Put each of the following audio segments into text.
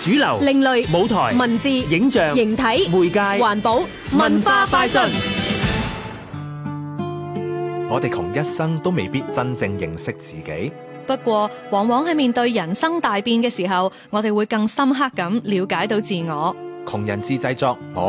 主流、另類、舞台、文字、影像、形體、媒介、環保、文化快訊。我哋窮一生都未必真正認識自己，不過往往喺面對人生大變嘅時候，我哋會更深刻咁了解到自我。《窮人自製作我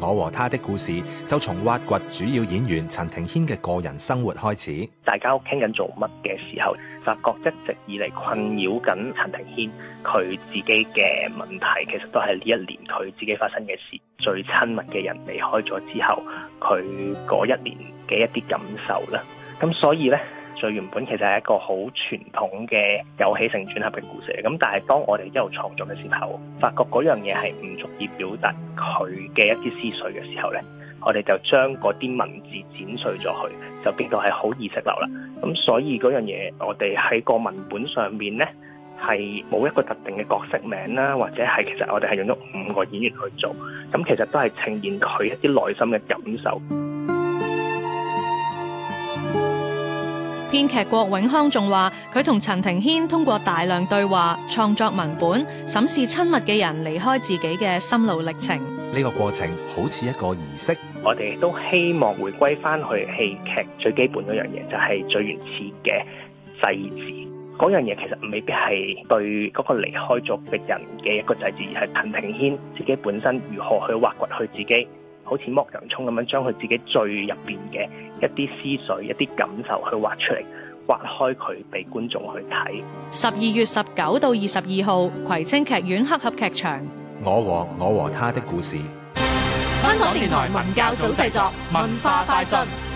和我和他的故事》就從挖掘主要演員陳庭軒嘅個人生活開始。大家喺度傾緊做乜嘅時候，發覺一直以嚟困擾緊陳庭軒佢自己嘅問題，其實都係呢一年佢自己發生嘅事。最親密嘅人離開咗之後，佢嗰一年嘅一啲感受啦。咁所以呢。最原本其實係一個好傳統嘅有起承轉合嘅故事嚟，咁但係當我哋一路創作嘅時候，發覺嗰樣嘢係唔足以表達佢嘅一啲思緒嘅時候咧，我哋就將嗰啲文字剪碎咗佢，就變到係好意識流啦。咁所以嗰樣嘢，我哋喺個文本上面咧，係冇一個特定嘅角色名啦，或者係其實我哋係用咗五個演員去做，咁其實都係呈現佢一啲內心嘅感受。編劇郭永康仲話：佢同陳庭軒通過大量對話創作文本，審視親密嘅人離開自己嘅心路歷程。呢 個過程好似一個儀式，我哋都希望回歸翻去戲劇最基本嗰樣嘢，就係、是、最原始嘅祭祀。嗰樣嘢其實未必係對嗰個離開咗嘅人嘅一個祭祀，而係陳庭軒自己本身如何去挖掘佢自己。好似剝洋葱咁樣，將佢自己最入邊嘅一啲思緒、一啲感受去挖出嚟，挖開佢俾觀眾去睇。十二月十九到二十二號，葵青劇院黑盒劇場，《我和我和他的故事》。香 港樂電台文教組製作，文化快訊。